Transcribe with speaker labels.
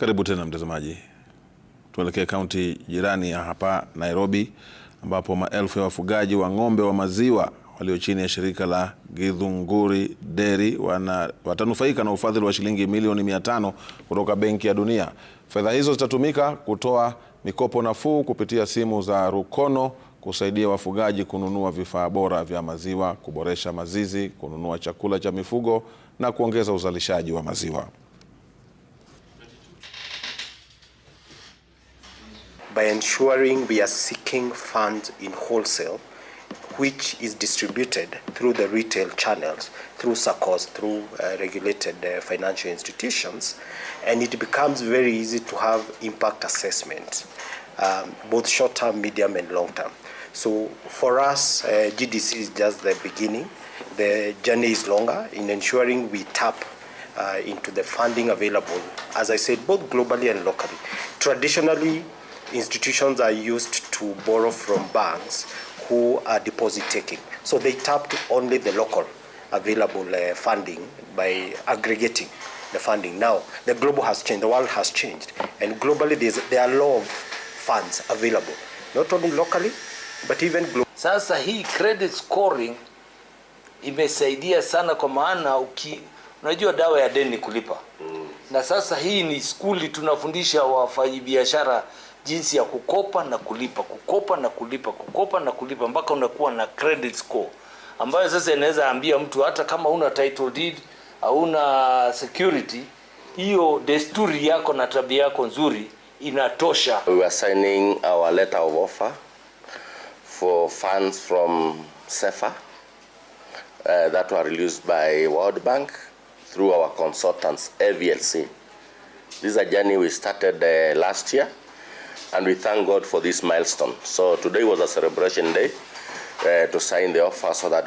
Speaker 1: Karibu tena mtazamaji, tuelekee kaunti jirani ya hapa Nairobi, ambapo maelfu ya wafugaji wa ng'ombe wa maziwa walio chini ya shirika la Githunguri Dairy wana, watanufaika na ufadhili wa shilingi milioni mia tano kutoka Benki ya Dunia. Fedha hizo zitatumika kutoa mikopo nafuu kupitia simu za rukono kusaidia wafugaji kununua vifaa bora vya maziwa, kuboresha mazizi, kununua chakula cha mifugo na kuongeza uzalishaji wa maziwa.
Speaker 2: by ensuring we are seeking funds in wholesale, which is distributed through the retail channels, through SACCOs, through uh, regulated uh, financial institutions, and it becomes very easy to have impact assessment, um, both short term, medium, and long term. So for us, uh, GDC is just the beginning. The journey is longer in ensuring we tap uh, into the funding available, as I said, both globally and locally. Traditionally, institutions are used to borrow from banks who are deposit taking. So they tapped only the local available uh, funding by aggregating the funding. Now, the global has changed, the world has changed, and globally there's, there are law of funds available, not only locally but even globally.
Speaker 3: Sasa hii credit scoring imesaidia sana kwa maana uki, unajua dawa ya deni kulipa mm. Na sasa hii ni skuli tunafundisha wafanyibiashara biashara jinsi ya kukopa na kulipa, kukopa na kulipa, kukopa na kulipa mpaka unakuwa na credit score ambayo sasa inaweza ambia mtu hata kama una title deed hauna security, hiyo desturi yako na tabia yako nzuri inatosha.
Speaker 4: We are signing our letter of offer for funds from SEFA uh, that were released by World Bank through our consultants AVLC. This is a journey we started uh, last year. and we thank God for this milestone. So today was a celebration day uh, to sign the offer so that